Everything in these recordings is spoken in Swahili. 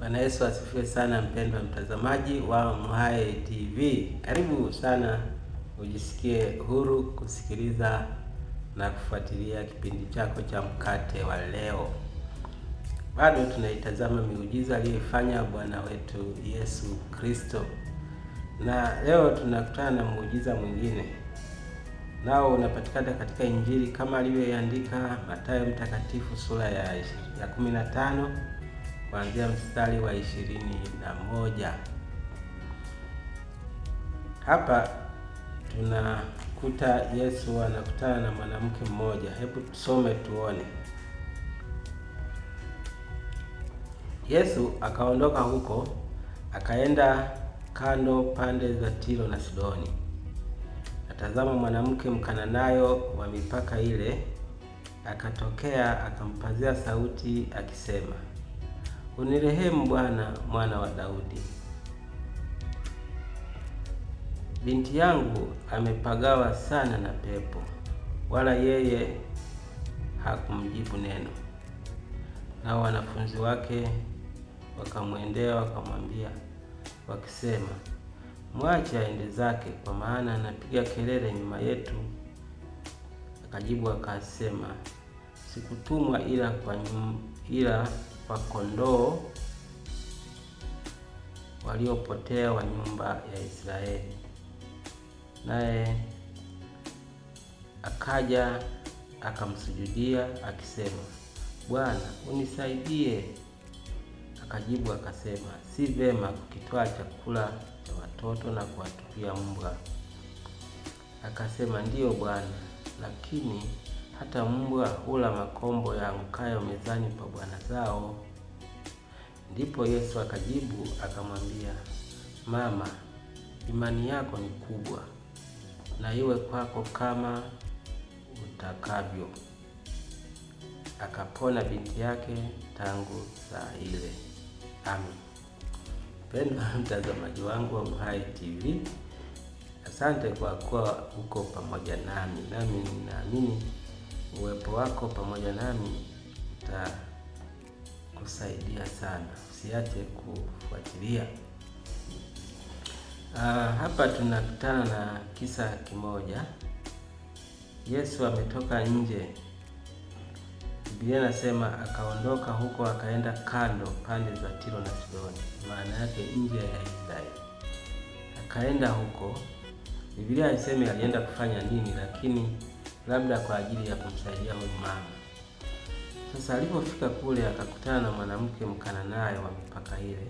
Bwana Yesu asifiwe sana, mpendwa mtazamaji wa MHAE TV, karibu sana ujisikie huru kusikiliza na kufuatilia kipindi chako cha mkate wa leo. Bado tunaitazama miujiza aliyoifanya Bwana wetu Yesu Kristo, na leo tunakutana na muujiza mwingine, nao unapatikana katika Injili kama alivyoiandika Mathayo Mtakatifu sura ya 15 kuanzia mstari wa ishirini na moja. Hapa tunakuta Yesu anakutana na mwanamke mmoja. Hebu tusome tuone. Yesu akaondoka huko akaenda kando pande za Tiro na Sidoni. Atazama, mwanamke Mkananayo wa mipaka ile akatokea akampazia sauti akisema Unirehemu Bwana, mwana wa Daudi. Binti yangu amepagawa sana na pepo, wala yeye hakumjibu neno. Nao wanafunzi wake wakamwendea wakamwambia wakisema, mwache aende zake, kwa maana anapiga kelele nyuma yetu. Akajibu akasema, sikutumwa ila kwa ila wa kondoo waliopotea wa nyumba ya Israeli. Naye akaja akamsujudia akisema, Bwana unisaidie. Akajibu akasema, si vema kukitwaa chakula cha watoto na kuwatupia mbwa. Akasema, ndiyo Bwana, lakini hata mbwa hula makombo yaangukayo mezani pa bwana zao. Ndipo Yesu akajibu akamwambia, mama, imani yako ni kubwa, na iwe kwako kama utakavyo. Akapona binti yake tangu saa ile. Amen. Mpendwa mtazamaji wangu wa MHAE TV, asante kwa kuwa uko pamoja nami, nami ninaamini Uwepo wako pamoja nami utakusaidia sana, usiache kufuatilia. Uh, hapa tunakutana na kisa kimoja. Yesu ametoka nje, Biblia inasema akaondoka huko akaenda kando pande za Tiro na Sidoni, maana yake nje ya Israeli. Akaenda huko, Biblia haisemi alienda kufanya nini, lakini labda kwa ajili ya kumsaidia huyu mama. Sasa alipofika kule akakutana na mwanamke mkananayo wa mipaka ile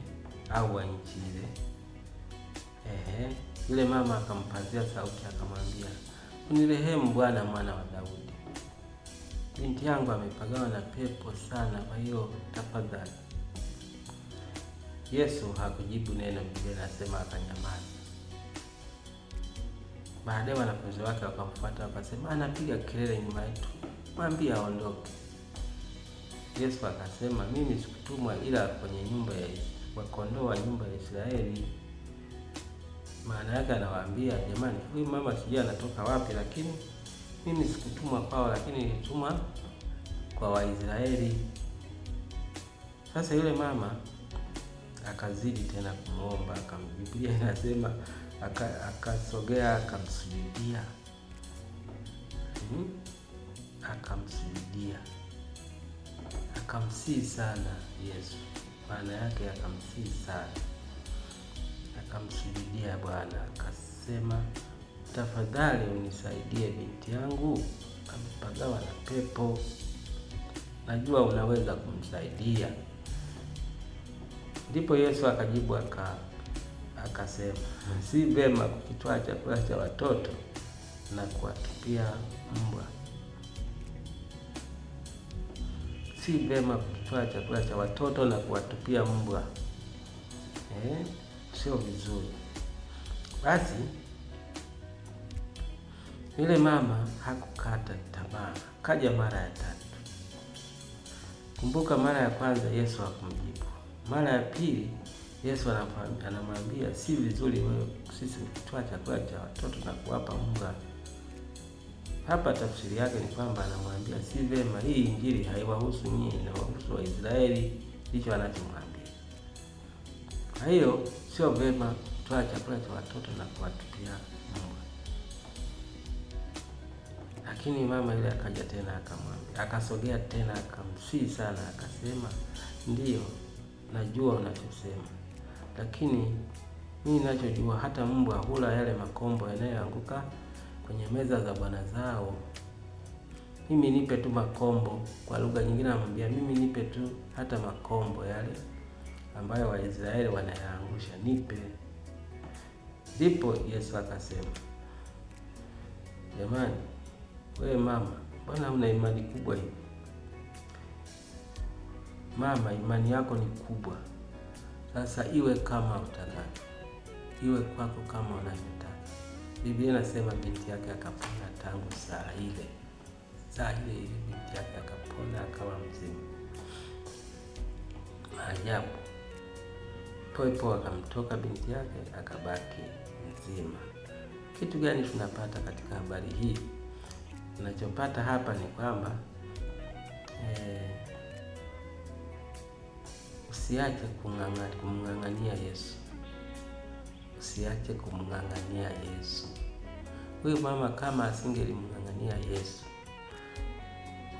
au wa nchi ile. Ehe, yule mama akampazia sauti akamwambia, unirehemu bwana, mwana wa Daudi, binti yangu amepagawa na pepo sana, kwa hiyo tafadhali. Yesu hakujibu neno, Biblia inasema akanyamaza. Baadaye wanafunzi wake wakamfuata wakasema, anapiga ah, kelele nyuma yetu, mwambie aondoke. Yesu akasema, mimi sikutumwa ila kwenye nyumba ya wakondoo wa nyumba ya Israeli. Maana yake anawaambia, jamani, huyu mama sijui anatoka wapi, lakini mimi sikutumwa kwao, lakini nilitumwa kwa Waisraeli. Sasa yule mama akazidi tena kumwomba, akamjibia, inasema akasogea akamsujudia, hmm? Akamsujudia, akamsii sana Yesu, maana yake akamsii sana, akamsujudia Bwana akasema, tafadhali unisaidie binti yangu amepagawa na pepo, najua unaweza kumsaidia. Ndipo Yesu akajibu akaa akasema si vema kukitwaa chakula cha watoto na kuwatupia mbwa. Si vema kukitwaa chakula cha watoto na kuwatupia mbwa, eh, sio vizuri. Basi yule mama hakukata tamaa, kaja mara ya tatu. Kumbuka, mara ya kwanza Yesu hakumjibu, mara ya pili Yesu anamwambia si vizuri wewe sisi kutoa chakula cha watoto na kuwapa mbwa. Hapa tafsiri yake ni kwamba anamwambia si vema, hii injili haiwahusu nyinyi, inawahusu Waisraeli. Ndicho anachomwambia. Kwa hiyo sio vema kutoa chakula cha watoto na kuwatupia mbwa. Lakini mama yule akaja tena akamwambia, akasogea tena akamsii sana, akasema ndiyo, najua unachosema lakini mimi ninachojua hata mbwa hula yale makombo yanayoanguka kwenye meza za bwana zao. Mimi nipe tu makombo. Kwa lugha nyingine anamwambia mimi nipe tu hata makombo yale ambayo Waisraeli wanayaangusha, nipe. Ndipo Yesu akasema, jamani, wewe mama, mbona una imani kubwa hivi? Mama, imani yako ni kubwa. Sasa iwe kama utakavyo, iwe kwako kama unavyotaka. Biblia inasema binti yake akapona tangu saa ile, saa ile ile binti yake akapona akawa mzima. Maajabu! poipo akamtoka binti yake akabaki mzima. Kitu gani tunapata katika habari hii? Tunachopata hapa ni kwamba eh, Usiache kumng'ang'ania Yesu, usiache kumng'ang'ania Yesu. Huyu mama kama asingelimng'ang'ania Yesu,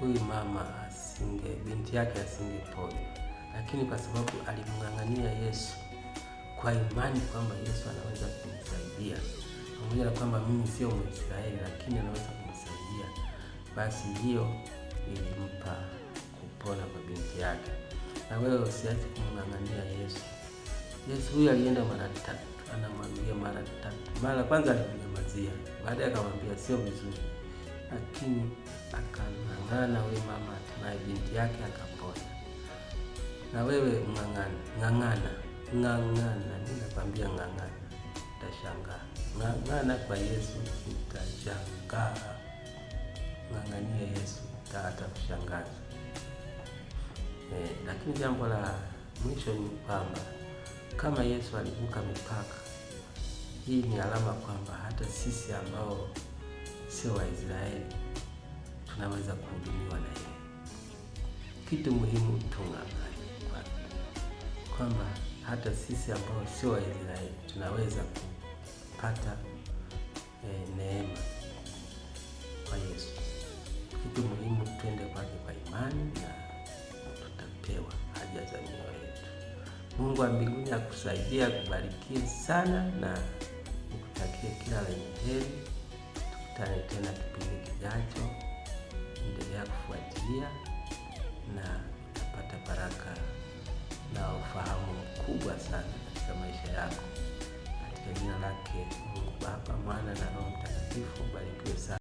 huyu mama asinge, binti yake asingepona. Lakini kwa sababu alimng'ang'ania Yesu kwa imani kwamba Yesu anaweza kumsaidia, pamoja na kwamba mimi sio Mwisraeli, lakini anaweza kumsaidia, basi hiyo ilimpa kupona kwa binti yake na wewe usiache kumng'ang'ania Yesu. Yesu huyu alienda mara tatu, anamwambia mara tatu. Mara kwanza alimnyamazia, baadaye akamwambia sio vizuri, lakini akang'ang'ana huyu mama na binti yake akapona. Na wewe ng'ang'ana, ng'ang'ana, ng'ang'ana, ninakwambia ng'ang'ana, utashangaa. Ng'ang'ana kwa Yesu utashangaa. Ng'ang'ania Yesu, hata kushangaza eh, lakini jambo la mwisho ni kwamba kama Yesu alivuka mipaka, hii ni alama kwamba hata sisi ambao sio Waisraeli tunaweza kuhudumiwa na yeye. Kitu muhimu tung'ang'ane kwamba hata sisi ambao sio Waisraeli tunaweza kupata eh, neema Mungu wa mbinguni akusaidia, akubarikie sana na nikutakie kila la heri. Tukutane tena kipindi kijacho. Endelea kufuatilia na utapata baraka na ufahamu mkubwa sana katika maisha yako, katika jina lake Mungu Baba, Mwana na Roho Mtakatifu. barikiwe sana.